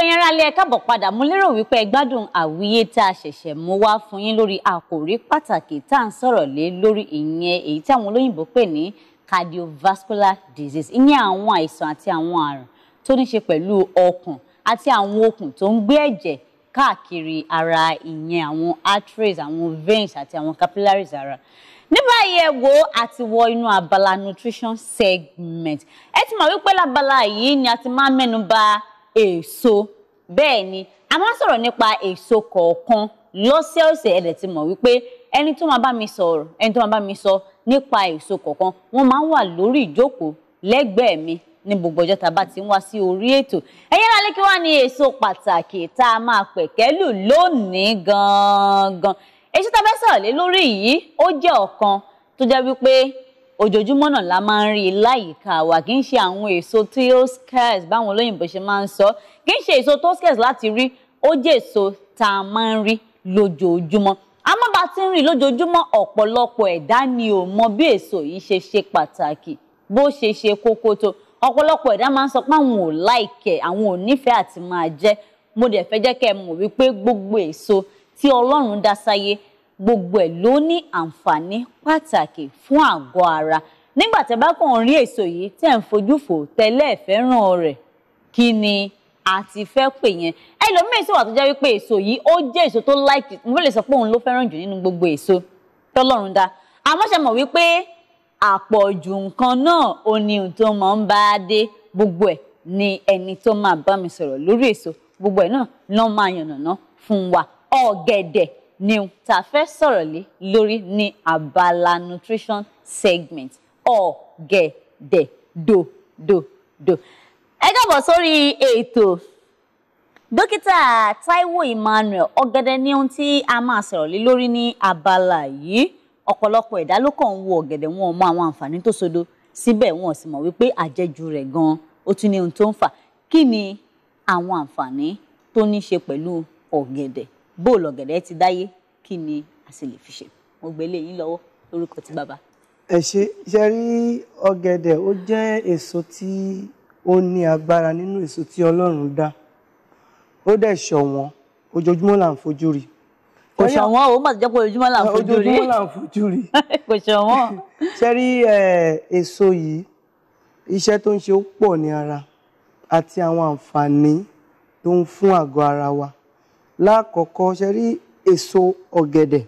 gbogbo yẹn rálẹ̀ ẹ káàbọ̀ padà mo lérò wípé ẹ gbádùn àwíyé tá a ṣẹ̀ṣẹ̀ mú wá fún yín lórí àkòrí pàtàkì tá à ń sọ̀rọ̀ lé lórí ìyẹn èyí tí àwọn olóyìnbó pè ní cardiovascular disease ìyẹn àwọn àìsàn àti àwọn àrùn tó ní ṣe pẹ̀lú ọkàn àti àwọn okùn tó ń gbé ẹ̀jẹ̀ káàkiri ara ìyẹn àwọn arteries àwọn veins àti àwọn capillaries ara ní báyìí ẹ wo àti wọ inú abala nutrition segment ẹ ti mọ̀ wípé lábala yìí ni a ti máa mẹ́nu bà èso bẹ́ẹ̀ ni a máa sọ̀rọ̀ nípa èso kọ̀ọ̀kan lọ́sẹ̀ọ̀sẹ̀ ẹ̀dẹ̀ ti mọ̀ wípé ẹni tó máa bá mi sọ̀rọ̀ ẹni tó máa bá mi sọ nípa èso kọ̀ọ̀kan wọ́n máa ń wà lórí ìjókòó lẹ́gbẹ̀ẹ́ mi ní gbogbo ọjọ́ tá a bá ti ń wá sí orí ètò ẹ̀yẹ́ lálẹ́ kí wá ní èso pàtàkì tá a máa pẹ̀kẹ́lù lónìí gangan èso tá a fẹ́ sọ̀rọ̀ lé lórí yìí ó jẹ́ ọ̀kan tó jẹ́ wípé ojoojúmọ́ náà la máa ń rí i láyìíká wa kì í ṣe àwọn èso tí ó scarce báwọn olóyìnbó ṣe máa ń sọ kì í ṣe èso tó scarce láti rí ó jẹ́ èso tá a máa ń rí lójoojúmọ́ àmọ́ bá ti ń rìn lójoojúmọ́ ọ̀pọ̀lọpọ̀ ẹ̀dá ni ò mọ bí èso yìí ṣe ṣe pàtàkì bó ṣe ṣe kókó tó ọ̀pọ̀lọpọ̀ ẹ̀dá máa ń sọ pé àwọn ò láìkẹ̀ àwọn ò nífẹ̀ẹ́ àti máa jẹ mo dẹ̀ fẹ́ jẹ́ kẹ́ ẹ mọ̀ wípé gbogbo èso tí Ọlọ́run dá sáyé gbogbo ẹ̀ ló ní àǹfààní pàtàkì fún àgọ́ ara nígbà tẹ́ bá kàn rí èso yìí tẹ́ ń fojú fò tẹ́lẹ̀ fẹ́ràn rẹ̀ kí ni a ti fẹ́ pè yẹn ẹlòmíín sì wà tó jẹ́ wípé èso yìí ó jẹ́ èso tó láìkì mo lè sọ pé òun ló fẹ́ràn jù nínú gbogbo èso tọ́lọ́run dá àmọ́ ṣe wípé àpọ̀jù nǹkan náà ò ní ohun tó máa ń bá a dé gbogbo ẹ̀ ni ẹni tó máa bá mi sọ̀rọ̀ lórí èso gbogbo ẹ̀ náà ló máa yànnàná fún wa ọ̀gẹ̀dẹ̀ New. tá a fẹ́ sọ̀rọ̀ lé lórí ní abala nutrition segment ọ̀gẹ̀dẹ̀ dòdòdò. ẹ káàbọ̀ sórí ètò dókítà Táíwò Emmanuel ọ̀gẹ̀dẹ̀ ni ohun tí a máa sọ̀rọ̀ lé lórí ní abala yìí ọ̀pọ̀lọpọ̀ ẹ̀dá ló kàn ń wo ọ̀gẹ̀dẹ̀ wọn ò mọ àwọn àǹfààní tó sodo síbẹ̀ wọn ò sì mọ̀ wípé àjẹjù rẹ̀ gan-an ó tún ní ohun tó ń fà kí ni àwọn àǹfààní tó ní ṣe pẹ̀lú ọ̀gẹ̀dẹ̀ bó lọ̀gẹ̀dẹ̀ ti dáyé kí ni a sì lè fi ṣe mo gbé eléyìí lọ́wọ́ lórúkọ ti bàbá. ẹ ṣe ṣe rí ọ̀gẹ̀dẹ̀ ó jẹ́ èso tí ó ní agbára nínú èso tí Ọlọ́run dá ó dẹ̀ ṣọ̀wọ́n ojoojúmọ́ là ń fojú rí kò ṣọ̀wọ́n o má ti jẹ́ pé ojoojúmọ́ là ń fojú rí ojoojúmọ́ là ń fojú rí kò ṣọ̀wọ́n. ṣe rí èso yìí iṣẹ́ tó ń ṣe ó pọ̀ ní ara àti àwọn àǹfààní tó ń fún àgọ́ ara wa lákọ̀ọ́kọ́ ṣe rí èso ọ̀gẹ̀dẹ̀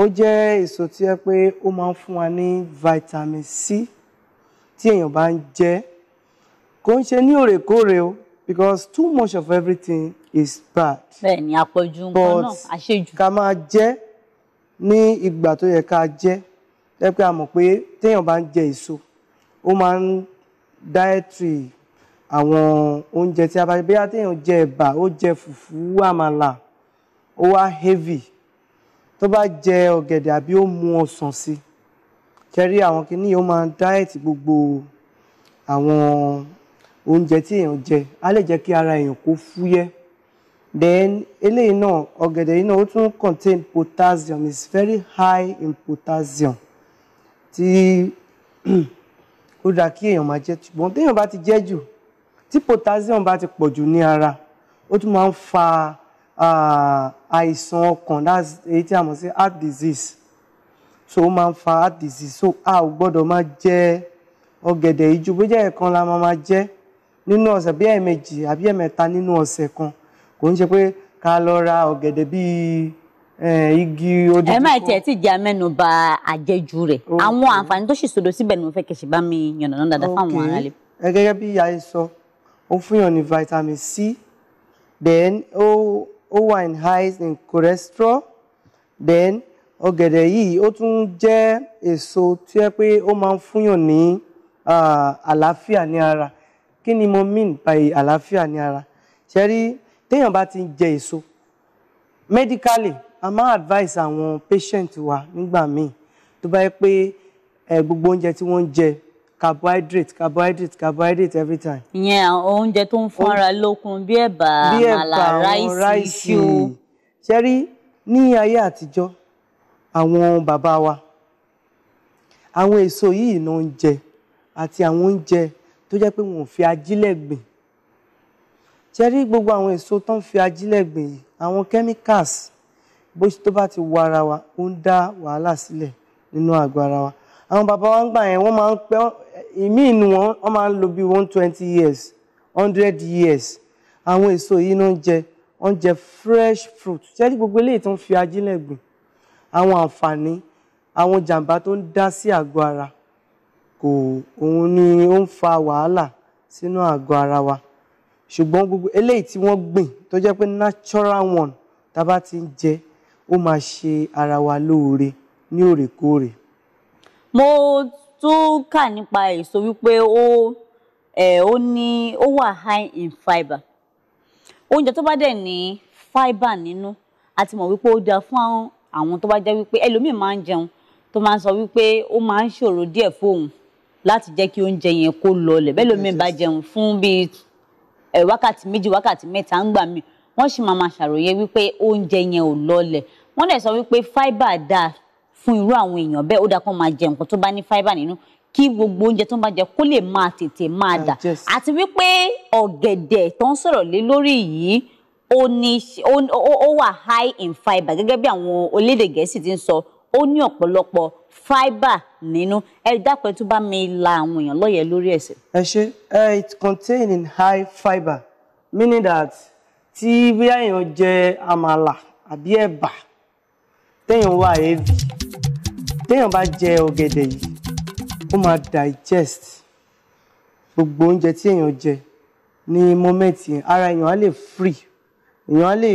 ó jẹ́ èso tí ẹ pé ó máa ń fún wa ní vitamin C tí èèyàn bá ń jẹ kò ń ṣe ní òrèkóòrè o because too much of everything is bad. bẹ́ẹ̀ni àpọ̀jù nǹkan náà àṣejù. but ká máa jẹ ní ìgbà tó yẹ ká jẹ ẹ pé a mọ̀ pé téèyàn bá ń jẹ èso ó máa ń dietary àwọn oúnjẹ tí a bá jẹ bí a téèyàn jẹ ẹ̀bà ó jẹ fùfú àmàlà ó wá heavy tó bá jẹ ọ̀gẹ̀dẹ̀ àbí ó mu ọsàn sí kẹrí àwọn kìíní ó máa dáẹ̀tì gbogbo àwọn oúnjẹ tí èèyàn jẹ á lè jẹ́ kí ara èèyàn kó fúyẹ́ then eléyìí náà ọ̀gẹ̀dẹ̀ yìí náà ó tún contain potassium it's very high in potassium tí ó dáa kí èèyàn máa jẹ ṣùgbọ́n téèyàn bá ti jẹ jù tí potassium bá ti pọ̀ jù ní ara ó tún máa ń fa Ah, àìsàn ọkàn that's èyí tí a mọ̀ sí heart disease so ó máa ń fa heart disease so a ò gbọ́dọ̀ máa jẹ ọ̀gẹ̀dẹ̀ ìjú bójá ẹ̀kan la máa máa jẹ nínú ọ̀sẹ̀ bí ẹ̀ẹ̀mejì àbí ẹ̀ẹ̀mẹ́ta nínú ọ̀sẹ̀ kan kò ń ṣe pé ká lọ ra ọ̀gẹ̀dẹ̀ bíi eh, igi odidi. ẹ má tiẹ̀ tí ìjà mẹ́nu bà àjẹjù rẹ̀ àwọn àǹfààní tó sì sòdò síbẹ̀ ni mo fẹ́ kẹ́ ṣe bá mi yànnàná dáadáa fáwọn aráàlú. gẹ́gẹ́ bí ìyá sọ ó fún yàn ní vitamin C then ó. Oh, ó wà in highs in cholesterol then ọ̀gẹ̀dẹ̀ yìí ó tún jẹ́ èso tí ó pé ó máa ń fúnyàn ní àlàáfíà ní ara kí ni mo mean by àlàáfíà ní ara ṣe rí téèyàn bá ti jẹ èso medically a máa advise àwọn patient wa nígbà míì tó bá yẹ pé gbogbo oúnjẹ tí wọ́n ń jẹ carbohydrate carbohydrate carbohydrate every time. ìyẹn àwọn oúnjẹ tó ń fún ara lókun bí ẹ̀bà àmàlà ráìsì iṣu. ṣe rí ní ayé àtijọ́ àwọn bàbá wa àwọn èso yìí náà ń jẹ àti àwọn oúnjẹ tó jẹ́ pé wọn ò fi ajílẹ̀ gbìn ṣe gbogbo àwọn èso tó ń fi ajílẹ̀ gbìn yìí àwọn chemicals bó tó bá ti wọ ara wa ó ń dá wàhálà sílẹ̀ nínú àgọ́ ara wa àwọn bàbá wa ń gbà yẹn wọ́n máa ń pẹ́ ìmí mean, wọn wọ́n máa ń lo bí one twenty years hundred years àwọn èso yìí náà ń jẹ wọ́n ń jẹ fresh fruit ṣẹ́ni gbogbo eléyìí tó ń fi ajílẹ̀ gbìn àwọn àǹfààní àwọn jàǹbá tó ń dá sí àgọ́ ara kò òun ni ó ń fa wàhálà sínú àgọ́ ara wa ṣùgbọ́n gbogbo eléyìí tí wọ́n gbìn tó jẹ́ pé natural one tá a bá ti ń jẹ ó máa ṣe ara wa lóore ní òrèkóòrè. mo tó kà nípa èso wípé ó ẹ̀ ó ní ó wà high in fibre oúnjẹ tó bá dẹ̀ ní fibre nínú a ti mọ̀ wípé ó dáa fún àwọn tó bá jẹ́ wípé ẹlòmíì máa ń jẹun tó máa ń sọ wípé ó máa ń ṣòro díẹ̀ fóun láti jẹ́ kí oúnjẹ yẹn kó lọlẹ̀ bẹ́ẹ̀ lómi bá jẹun fún bíi wákàtí méjì wákàtí mẹ́ta ń gbà mí wọ́n sì máa ma ṣàròyé wípé oúnjẹ yẹn ò lọlẹ̀ wọ́n dẹ̀ sọ wípé fibre dáa fún irú àwọn èèyàn bẹ́ẹ̀ ó dáa kán máa jẹ nǹkan tó bá ní fáíbà nínú kí gbogbo oúnjẹ tó ń bá jẹ kó lè máa tètè máa dà àti wípé ọ̀gẹ̀dẹ̀ tó ń sọ̀rọ̀ lé lórí yìí ó ní ó wà high in fibre gẹ́gẹ́ bí àwọn olédè gẹ̀ẹ́sì ti ń sọ ó ní ọ̀pọ̀lọpọ̀ fibre nínú ẹ dápẹ́ tó bá mi la àwọn èèyàn lọ́yẹ̀ lórí ẹ̀sẹ̀. ẹ ṣe it contain in high fibre meaning that tí bí èèyàn jẹ àmàlà àbí ẹ̀bà. E téèyàn wà heavy téèyàn bá jẹ ọ̀gẹ̀dẹ̀ yìí ó máa digest gbogbo oúnjẹ tí èèyàn jẹ ní mọ́mẹ́ǹtì yẹn ara èèyàn á lè free èèyàn á lè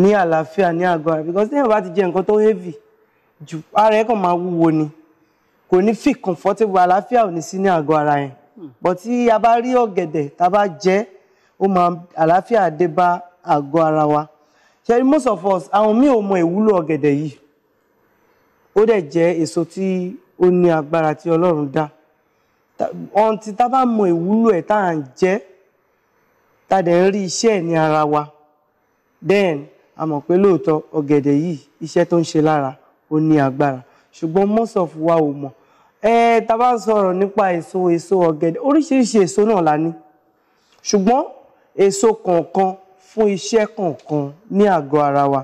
ní àlàáfíà ní àgọ́ ara because téèyàn bá ti jẹ nǹkan tó heavy jù ara ẹ̀ kàn máa wúwo ni kò ní feel comfortable àlàáfíà ò ní sí ní àgọ́ ara yẹn but tí a bá rí ọ̀gẹ̀dẹ̀ tá a bá jẹ ó máa àlàáfíà dé bá àgọ́ ara wa ṣe most of us àwọn míì ò mọ ìwúlò ọ̀gẹ̀dẹ̀ yìí ó dẹ̀ jẹ́ èso tí ó ní agbára tí Ọlọ́run dá ohun tí tá bá mọ ìwúlò ẹ̀ tá à ń jẹ tá dẹ̀ ń rí iṣẹ́ ẹ̀ ní ara wa then a mọ̀ pé lóòótọ́ ọ̀gẹ̀dẹ̀ yìí iṣẹ́ tó ń ṣe lára ó ní agbára ṣùgbọ́n most of wa ò mọ̀ ẹ tá bá ń sọ̀rọ̀ nípa èso èso ọ̀gẹ̀dẹ̀ oríṣiríṣi èso náà la ní ṣùgbọ́n èso kọ̀ọ̀kan fún iṣẹ́ kọ̀ọ̀kan ní àgọ́ ara wa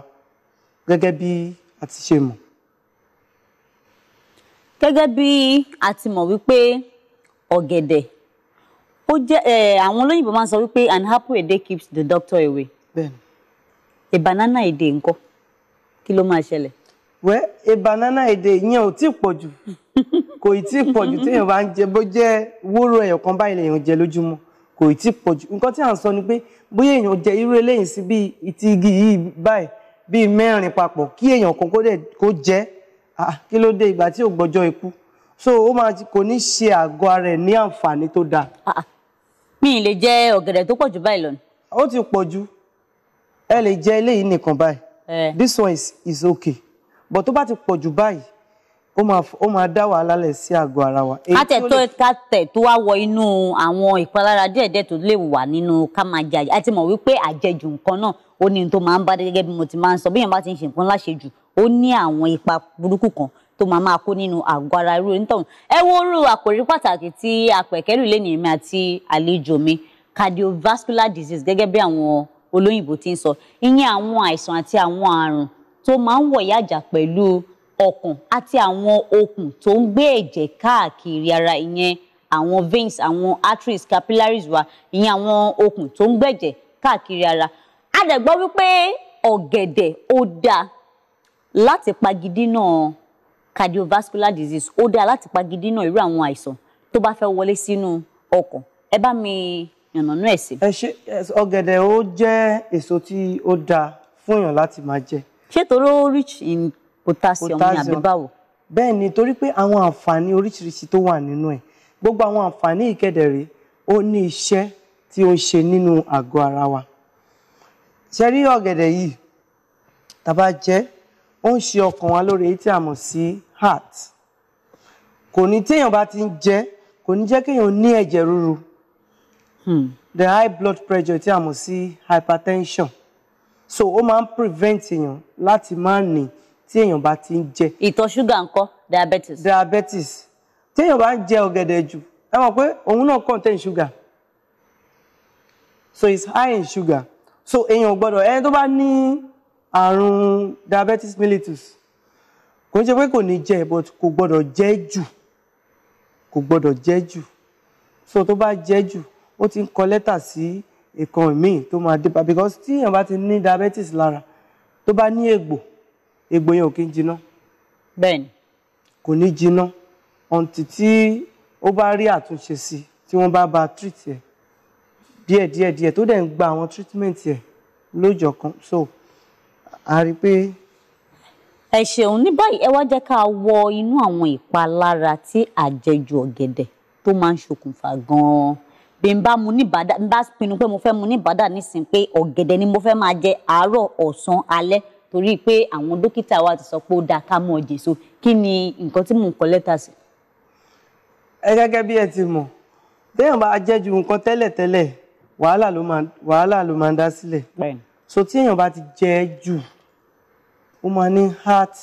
gẹ́gẹ́ bí a ti ṣe mọ̀. gẹ́gẹ́ bí a ti mọ̀ wípé ọ̀gẹ̀dẹ̀ ó jẹ́ àwọn olóyìnbó máa ń sọ wípé an apple a day keeps the doctor away. bẹ́ẹ̀ni. a banana a day ńkọ́ kí ló máa ṣẹlẹ̀. wẹ́ a banana a day yẹn ò tí ì pọ̀ jù kò ì tí ì pọ̀ jù téèyàn bá ń jẹ bó jẹ́ wóró ẹ̀yọ̀kan báyìí lèèyàn jẹ lójúmọ́ kò tí pọ̀ jù nǹkan tí à ń sọ ni pé bóyá èèyàn jẹ irú eléyìí sí bíi ìtì igi yìí báyìí bíi mẹ́rin papọ̀ kí èèyàn kan kó jẹ́ ah, kí ló dé ìgbà tí ò gbọ́jọ́ ikú so ó máa kò ní ṣe àgọ́ ara ẹ̀ ní àǹfààní tó dáa. Ah, ah. mi lè jẹ ọ̀gẹ̀dẹ̀ tó pọ̀ jù báyìí lọ. ó ti pọ̀ jù ẹ lè jẹ eléyìí nìkan báyìí eh. this one is, is okay but tó bá ti pọ̀ jù báyìí ó máa ó máa dá wàhálà lẹ̀ sí àgọ́ ara wa. ká tẹ̀ tó ká tẹ̀ tó wá wọ inú àwọn ìpalára díẹ̀díẹ̀ tó lè wà nínú ká máa jẹ àjẹ àti mọ̀ wípé àjẹjù nǹkan náà ó ní tó máa ń bá gẹ́gẹ́ bí mo ti máa ń sọ bí èèyàn bá ti ń ṣe nǹkan láṣejù ó ní àwọn ipa burúkú kan tó máa máa kó nínú àgọ́ ara irú onítọ̀hún ẹ wo orú àkòrí pàtàkì tí apẹ̀kẹ́lù lè ní èmi àti àlejò mi cardiovascular disease gẹ́gẹ́ bí àwọn olóyìnbó ti ń sọ ìyẹn àwọn àìsàn àti àwọn àrùn tó máa ń wọ̀yàjà pẹ̀lú ọkàn àti àwọn okùn tó ń gbé ẹ̀jẹ̀ káàkiri ara ìyẹn àwọn veins àwọn arteries capillaries wa ìyẹn àwọn okùn tó ń gbẹ̀jẹ̀ káàkiri ara a dẹ̀ gbọ́ wípé ọ̀gẹ̀dẹ̀ ó dáa láti pagidínà cardiovascular disease ó dáa láti pagidínà irú àwọn àìsàn tó bá fẹ́ wọlé sínú ọkàn ẹ bá mi yànnàná ẹ̀ sí. ẹ ṣe ọ̀gẹ̀dẹ̀ ó jẹ́ èso tí ó dáa fún èèyàn láti máa jẹ. ṣé toró rich in potassium ní àbí báwo. bẹ́ẹ̀ ni torí pé àwọn àǹfààní oríṣiríṣi tó wà nínú ẹ̀ gbogbo àwọn àǹfààní ìkẹdẹ̀rẹ̀ ó ní iṣẹ́ tí ó ń ṣe nínú àgọ́ ara wa ṣe rí ọ̀gẹ̀dẹ̀ yìí tàbá jẹ́ ó ń ṣe ọkàn wa lóore èyí tí a mọ̀ sí heart kò ní téèyàn bá ti ń jẹ kò ní jẹ́ kéèyàn ní ẹ̀jẹ̀ ríru hmm. the high blood pressure tí a mọ̀ sí hypertension so ó máa ń prevent èèyàn láti má ní tí èèyàn bá ti ń jẹ. ìtọ̀ ṣúgà ńkọ́ diabetes. diabetes tí èèyàn bá ń jẹ ọ̀gẹ̀dẹ̀ jù ẹ mọ̀ pé òun náà contain sugar so it's high in sugar so èèyàn gbọ́dọ̀ ẹni tó bá ní àrùn diabetes mellitus kò ń ṣe pé kò ní jẹ but kò gbọ́dọ̀ jẹ jù kò gbọ́dọ̀ jẹ jù so tó bá jẹ jù ó ti ń kọ lẹ́tà sí nǹkan míì tó máa dé bá because tí èèyàn bá ti ní diabetes lára tó bá ní egbò egbò yẹn ò kí ń jiná. bẹ́ẹ̀ni. kò ní jiná ọ̀ǹtì tí ó bá rí àtúnṣe sí tí wọ́n bá ba treat ẹ̀ díẹ̀ díẹ̀ díẹ̀ tó dẹ̀ ń gba àwọn treatment ẹ̀ lójọ̀kan so a rí i pé. ẹ ṣeun ní báyìí ẹ wá jẹ́ ká wọ inú àwọn ìpalára tí àjẹjù ọ̀gẹ̀dẹ̀ tó máa ń ṣokùnfà gan-an bí n bá mu ní bàdà n bá pinnu pé mo fẹ́ mu ní bàdà nísìnyí pé ọ̀gẹ̀dẹ̀ ni mo fẹ́ máa jẹ àárọ̀ ọ̀sán alẹ́ torí pé àwọn dókítà wa ti sọ pé ó dáa ká mọ jèso kí ni nǹkan tí mò ń kọ lẹ́tà sí. ẹ gẹ́gẹ́ bí ẹ ti mọ̀ téèyàn bá jẹ́ ju nǹkan tẹ́lẹ̀tẹ́lẹ̀ wàhálà ló máa ń dá sílẹ̀ so tí bá ti jẹ jù ó máa ní heart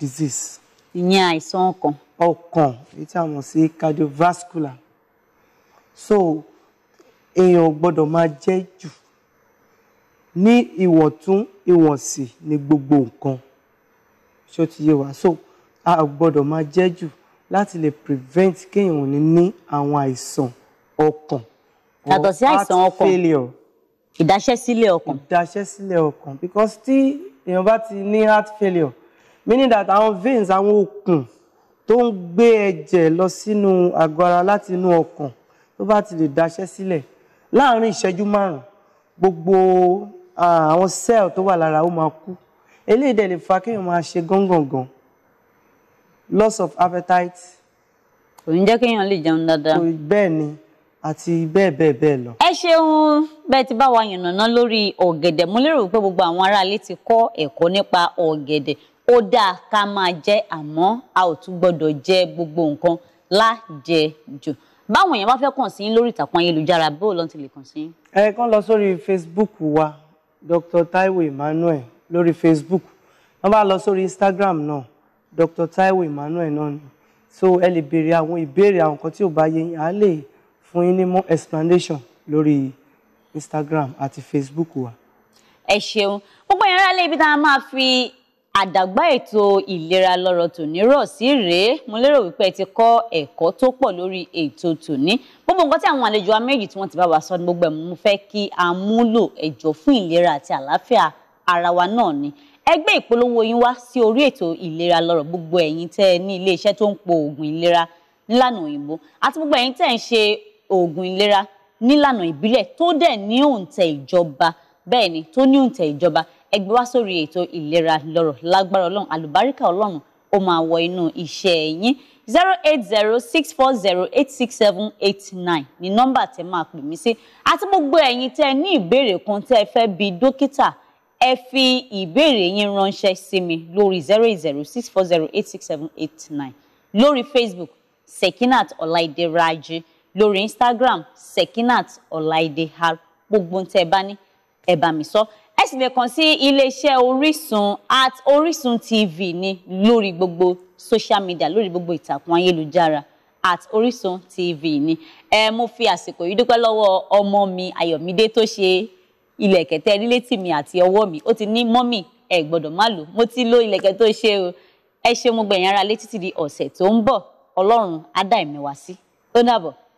disease. ìyẹn àìsàn ọkàn. ọkàn èyí tí a mọ̀ sí cardiovascular so èèyàn ò gbọ́dọ̀ máa jẹ jù ní ìwọ̀ntún ìwọ̀nsì ni gbogbo nǹkan ṣó ti yé wa so a gbọ́dọ̀ máa jẹ jù láti lè prevent kéèyàn ò ní ní àwọn àìsàn ọkàn yàtọ̀ sí àìsàn ọkàn ìdáṣẹ́sílẹ̀ ọkàn ìdáṣẹ́sílẹ̀ ọkàn because tí èèyàn bá ti ní heart failure meaning that àwọn veins àwọn okùn tó ń gbé ẹ̀jẹ̀ lọ sínú àgọ́ ara láti inú ọkàn tó bá ti lè dáṣẹ́ sílẹ̀ láàárín ìṣẹ́jú márùn-ún gbogbo Ah, àwọn cell tó wà lára ó máa kú eléyìí dẹ̀ lè fa kéèyàn máa ṣe gángàngàn loss of appetite. kò ní jẹ́ kéèyàn lè jẹun dáadáa. bẹ́ẹ̀ ni àti bẹ́ẹ̀ bẹ́ẹ̀ bẹ́ẹ̀ lọ. ẹ ṣeun bẹ́ẹ̀ ti bá wa yànnàná lórí ọ̀gẹ̀dẹ̀ mo lérò pé gbogbo àwọn aráalé ti kọ́ ẹ̀kọ́ nípa ọ̀gẹ̀dẹ̀ ó dáa ká máa jẹ àmọ́ a ò tún gbọ́dọ̀ jẹ gbogbo nǹkan lájẹjù báwọn èèyàn bá fẹ́ kàn sí lórí ìtàkùn ayélujára bó lọ́n ti lè kàn sí. ẹ kàn lọ sórí Facebook wa Dr. Taiwo Emmanuel lórí Facebook wọ́n bá lọ sórí Instagram náà Dr. Taiwo Emmanuel náà ni so ẹ lè béèrè àwọn ìbéèrè àwọn nǹkan tí ò bá yé yín á lè fún yín ní more explanation lórí Instagram àti Facebook wa. ẹ ṣeun gbogbo ìyẹn rálé ibi tá a máa fi àdàgbà ètò ìlera lọ́rọ̀ tòní rọ̀ sí rèé mo lérò wípé ẹ ti kọ́ ẹ̀kọ́ tó pọ̀ lórí ètò tòní gbogbo nǹkan tí àwọn àlejò méjì tí wọ́n ti bá wa sọ ní gbogbo ẹ̀ mo fẹ́ kí a ẹ̀jọ̀ fún ìlera àti àlàáfíà ara wa náà ni ẹ gbé ìpolówó yín wá sí orí ètò ìlera lọ́rọ̀ gbogbo ẹ̀yin tẹ́ ẹ ní iléeṣẹ́ tó ń po oògùn ìlera nílànà òyìnbó àti gbogbo ẹ̀yin tẹ́ ẹ ń ṣe oògùn ìlera nílànà ìbílẹ̀ tó dẹ̀ ní òǹtẹ̀ ìjọba bẹ́ẹ̀ ni tó ní òǹtẹ̀ ìjọba ẹgbẹ́ wá sórí ètò ìlera lọ́rọ̀ lágbára ọlọ́run àlùbáríkà ọlọ́run ó máa wọ inú iṣẹ́ yín zero eight zero six four zero eight six seven eight nine ni nọ́mbà tẹ máa pè mí sí àti gbogbo ẹ̀yin tẹ ní ìbéèrè kan tẹ fẹ́ bi dókítà ẹ fi ìbéèrè yín ránṣẹ́ sí mi lórí zero eight zero six four zero eight six seven eight nine lórí Facebook Sekinat Ọláìdé Raji lórí Instagram Sekinat Ọláìdé har gbogbo ohun tẹ bá ní ẹ bá mi sọ sì lè kàn sí iléeṣẹ́ Orísun at Orísun TV ni lórí gbogbo social media lórí gbogbo ìtàkùn ayélujára at Orísun TV ni ẹ eh, mo fi àsìkò yìí dúpẹ́ lọ́wọ́ ọmọ mi Ayọ̀mídé tó ṣe ilẹ̀kẹ̀ tẹ́ nílé tì mí àti ọwọ́ mi ó ti ní mọ́mì ẹ gbọ́dọ̀ má lò mo ti lo ilẹ̀kẹ̀ tó ṣe o ẹ ṣe mo gbẹ̀yìn ara létí ti di ọ̀sẹ̀ tó ń bọ̀ Ọlọ́run á dá ẹ̀mí wá sí ó dàbọ̀.